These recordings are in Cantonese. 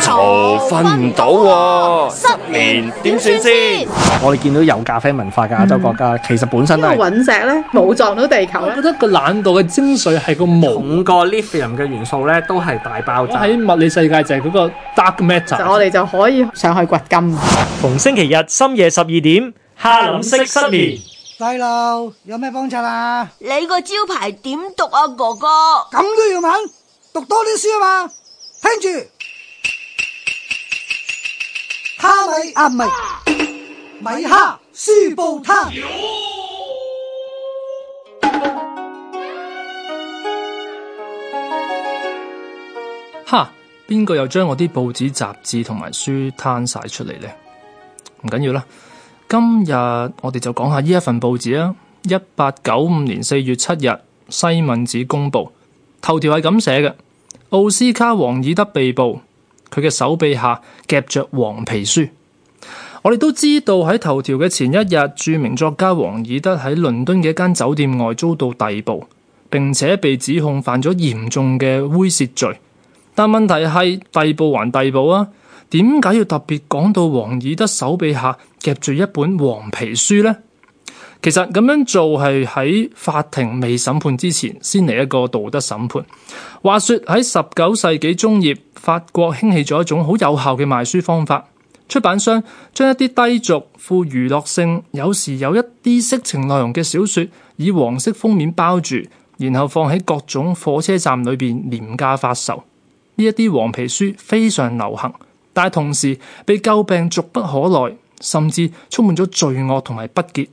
瞓唔到失眠，點算先？我哋見到有咖啡文化嘅亞洲國家，其實本身都係隕石咧，冇撞到地球咧。我覺得個懶惰嘅精髓係個五個 lithium 嘅元素咧，都係大爆炸。我喺物理世界就係嗰個 dark matter。我哋就可以上去掘金。逢星期日深夜十二點，黑色失眠細路有咩幫襯啊？你個招牌點讀啊，哥哥？咁都要問？讀多啲書啊嘛，聽住。蝦米啊米米蝦書報攤哈，邊個又將我啲報紙、雜誌同埋書攤晒出嚟呢？唔緊要啦，今日我哋就講下呢一份報紙啊！一八九五年四月七日，《西敏寺公報》頭條係咁寫嘅：奧斯卡·王爾德被捕。佢嘅手臂下夾着黃皮書，我哋都知道喺頭條嘅前一日，著名作家王爾德喺倫敦嘅一間酒店外遭到逮捕，並且被指控犯咗嚴重嘅猥褻罪。但問題係逮捕還逮捕啊？點解要特別講到王爾德手臂下夾住一本黃皮書呢？其實咁樣做係喺法庭未審判之前先嚟一個道德審判。話說喺十九世紀中葉。法國興起咗一種好有效嘅賣書方法，出版商將一啲低俗、富娛樂性、有時有一啲色情內容嘅小説，以黃色封面包住，然後放喺各種火車站裏邊廉價發售。呢一啲黃皮書非常流行，但同時被詬病俗不可耐，甚至充滿咗罪惡同埋不潔。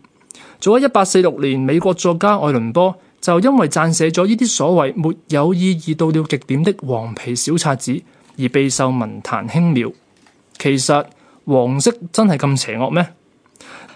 早喺一八四六年，美國作家愛倫坡就因為撰寫咗呢啲所謂沒有意義到了極點的黃皮小冊子。而備受文壇輕蔑，其實黃色真係咁邪惡咩？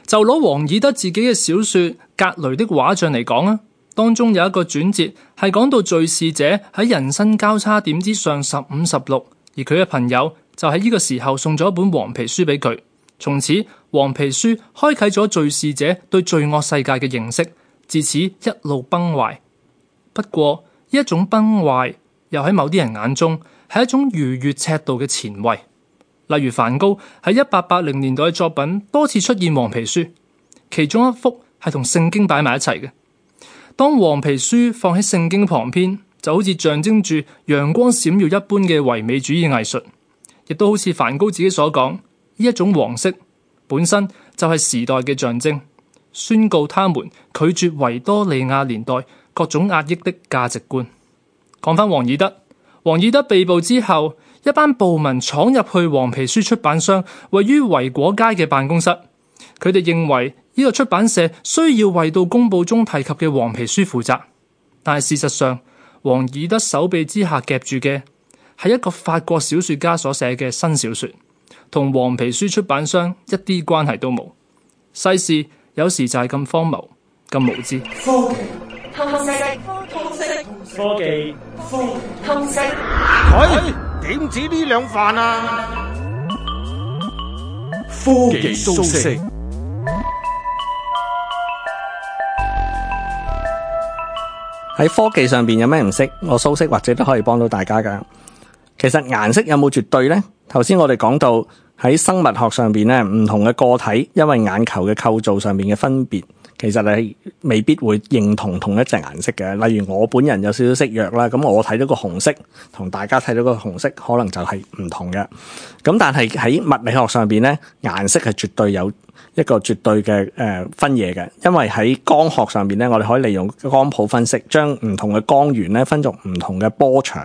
就攞王爾德自己嘅小說《格雷的畫像》嚟講啊，當中有一個轉折係講到敘事者喺人生交叉點之上十五十六，16，而佢嘅朋友就喺呢個時候送咗一本黃皮書俾佢，從此黃皮書開啟咗敘事者對罪惡世界嘅認識，自此一路崩壞。不過呢一種崩壞，又喺某啲人眼中。係一種逾越尺度嘅前衛，例如梵高喺一八八零年代嘅作品多次出現黃皮書，其中一幅係同聖經擺埋一齊嘅。當黃皮書放喺聖經旁邊，就好似象徵住陽光閃耀一般嘅唯美主義藝術，亦都好似梵高自己所講，呢一種黃色本身就係時代嘅象徵，宣告他們拒絕維多利亞年代各種壓抑的價值觀。講返王爾德。王爾德被捕之後，一班暴民闖入去黃皮書出版商位於維果街嘅辦公室。佢哋認為呢個出版社需要為到公佈中提及嘅黃皮書負責，但係事實上，王爾德手臂之下夾住嘅係一個法國小說家所寫嘅新小說，同黃皮書出版商一啲關係都冇。世事有時就係咁荒謬，咁無知。通識，通識，科技，通識。佢點止呢兩飯啊？科技蘇式喺科技上邊有咩唔識？我蘇式或者都可以幫到大家㗎。其實顏色有冇絕對咧？頭先我哋講到。喺生物學上邊咧，唔同嘅個體因為眼球嘅構造上邊嘅分別，其實你未必會認同同一隻顏色嘅。例如我本人有少少色弱啦，咁我睇到個紅色同大家睇到個紅色可能就係唔同嘅。咁但係喺物理學上邊咧，顏色係絕對有。一個絕對嘅誒分野嘅，因為喺光學上邊咧，我哋可以利用光譜分析，將唔同嘅光源咧分作唔同嘅波長。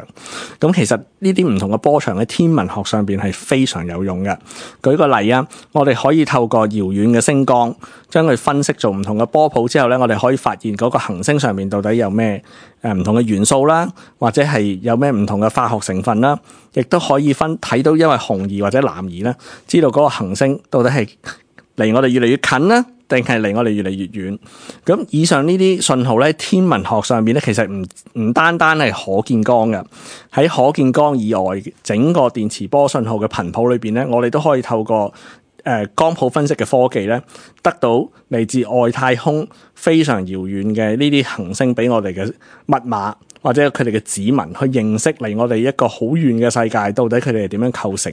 咁其實呢啲唔同嘅波長喺天文學上邊係非常有用嘅。舉個例啊，我哋可以透過遙遠嘅星光，將佢分析做唔同嘅波譜之後咧，我哋可以發現嗰個行星上面到底有咩誒唔同嘅元素啦，或者係有咩唔同嘅化學成分啦，亦都可以分睇到，因為紅移或者藍移咧，知道嗰個行星到底係離我哋越嚟越近啦，定係離我哋越嚟越遠？咁以上呢啲信號咧，天文學上邊咧，其實唔唔單單係可見光嘅，喺可見光以外整個電磁波信號嘅頻譜裏邊咧，我哋都可以透過誒、呃、光譜分析嘅科技咧，得到嚟自外太空非常遙遠嘅呢啲行星俾我哋嘅密碼或者佢哋嘅指紋，去認識離我哋一個好遠嘅世界，到底佢哋係點樣構成？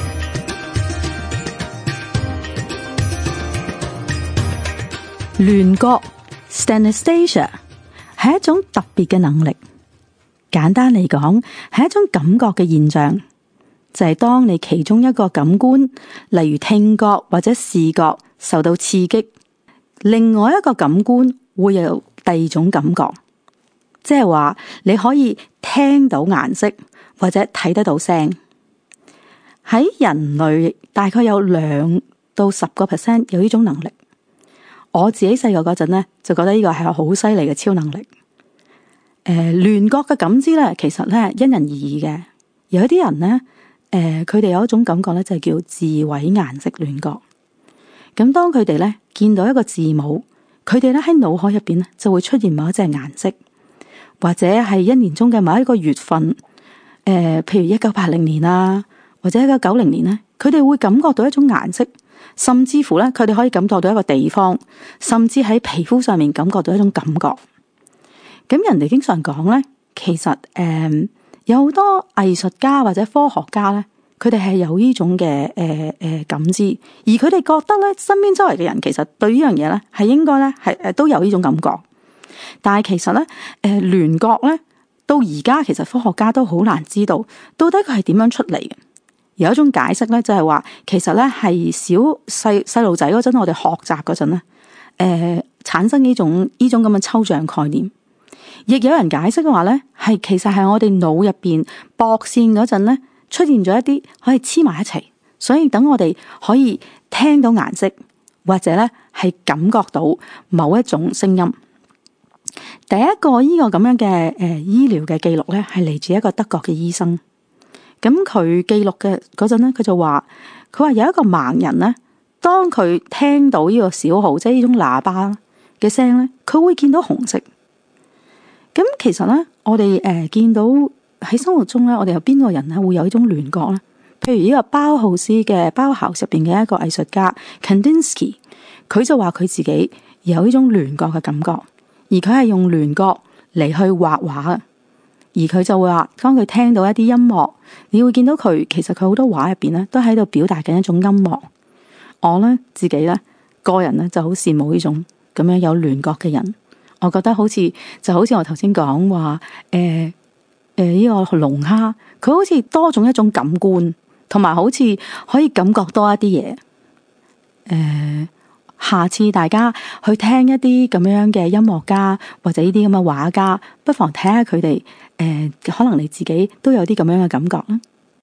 聯覺 synesthesia 係一種特別嘅能力。簡單嚟講，係一種感覺嘅現象，就係、是、當你其中一個感官，例如聽覺或者視覺受到刺激，另外一個感官會有第二種感覺。即係話，你可以聽到顏色或者睇得到聲。喺人類大概有兩到十個 percent 有呢種能力。我自己細個嗰陣呢，就覺得呢個係好犀利嘅超能力。誒、呃，聯覺嘅感知呢，其實呢因人而異嘅。有啲人呢，誒、呃，佢哋有一種感覺、嗯、呢，就係叫字彙顏色聯覺。咁當佢哋呢見到一個字母，佢哋咧喺腦海入邊呢，就會出現某一隻顏色，或者係一年中嘅某一個月份。誒、呃，譬如一九八零年啦、啊，或者一九九零年呢，佢哋會感覺到一種顏色。甚至乎咧，佢哋可以感覺到一個地方，甚至喺皮膚上面感覺到一種感覺。咁人哋經常講咧，其實誒、呃、有好多藝術家或者科學家咧，佢哋係有呢種嘅誒誒感知，而佢哋覺得咧，身邊周圍嘅人其實對呢樣嘢咧係應該咧係誒都有呢種感覺。但係其實咧，誒、呃、聯覺咧到而家其實科學家都好難知道到底佢係點樣出嚟嘅。有一種解釋咧，就係話其實咧係小細細路仔嗰陣，我哋學習嗰陣咧，誒、呃、產生呢種呢種咁嘅抽象概念。亦有人解釋嘅話咧，係其實係我哋腦入邊駁線嗰陣咧，出現咗一啲可以黐埋一齊，所以等我哋可以聽到顏色或者咧係感覺到某一種聲音。第一個呢個咁樣嘅誒、呃、醫療嘅記錄咧，係嚟自一個德國嘅醫生。咁佢記錄嘅嗰陣咧，佢就話，佢話有一個盲人咧，當佢聽到呢個小號，即係呢種喇叭嘅聲咧，佢會見到紅色。咁其實咧，我哋誒、呃、見到喺生活中咧，我哋有邊個人咧會有呢種聯覺咧？譬如呢個包豪斯嘅包豪斯入邊嘅一個藝術家 Kandinsky，佢就話佢自己有呢種聯覺嘅感覺，而佢係用聯覺嚟去畫畫。而佢就會話，當佢聽到一啲音樂，你會見到佢其實佢好多畫入邊咧，都喺度表達緊一種音樂。我呢自己呢個人呢就好羨慕呢種咁樣有聯覺嘅人。我覺得好似就好似我頭先講話，誒、呃、誒，呢、呃這個龍蝦佢好似多咗一種感官，同埋好似可以感覺多一啲嘢，誒、呃。下次大家去聽一啲咁樣嘅音樂家或者呢啲咁嘅畫家，不妨睇下佢哋，誒、呃，可能你自己都有啲咁樣嘅感覺啦。